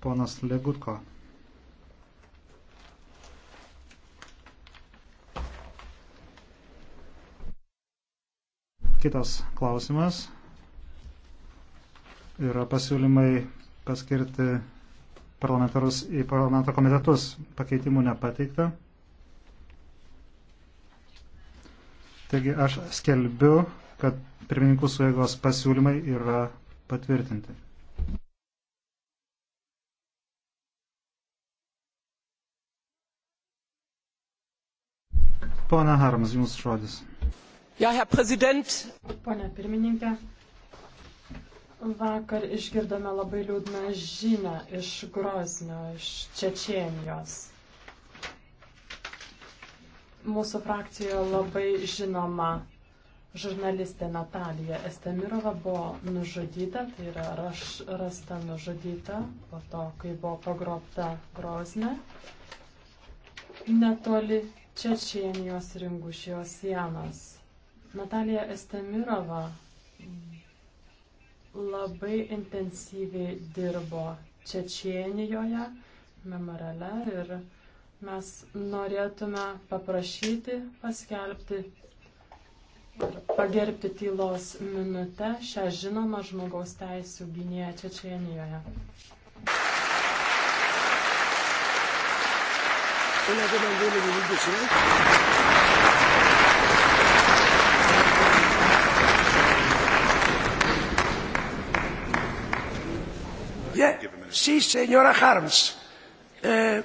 ponas Legutko. Kitas klausimas yra pasiūlymai paskirti parlamentarus į parlamento komitetus. Pakeitimų nepateikta. Taigi aš skelbiu, kad pirmininkų suėgos pasiūlymai yra patvirtinti. Pone Harms, jums žodis. Ja, Herr Präsident. Pone pirmininkė, vakar išgirdome labai liūdną žinę iš Groznio, iš Čečienijos. Mūsų frakcijoje labai žinoma žurnalistė Natalija Estemirova buvo nužudyta, tai yra raš, rasta nužudyta po to, kai buvo pagrobta Grozne netoli Čečienijos ir Ingušijos sienos. Natalija Estemirova labai intensyviai dirbo Čečienijoje, memoriale ir mes norėtume paprašyti paskelbti ir pagerbti tylos minutę šią žinomą žmogaus teisų gynėją Čečienijoje. on a demandé une minute de silence. Yeah. Sí, señora Harms. Eh,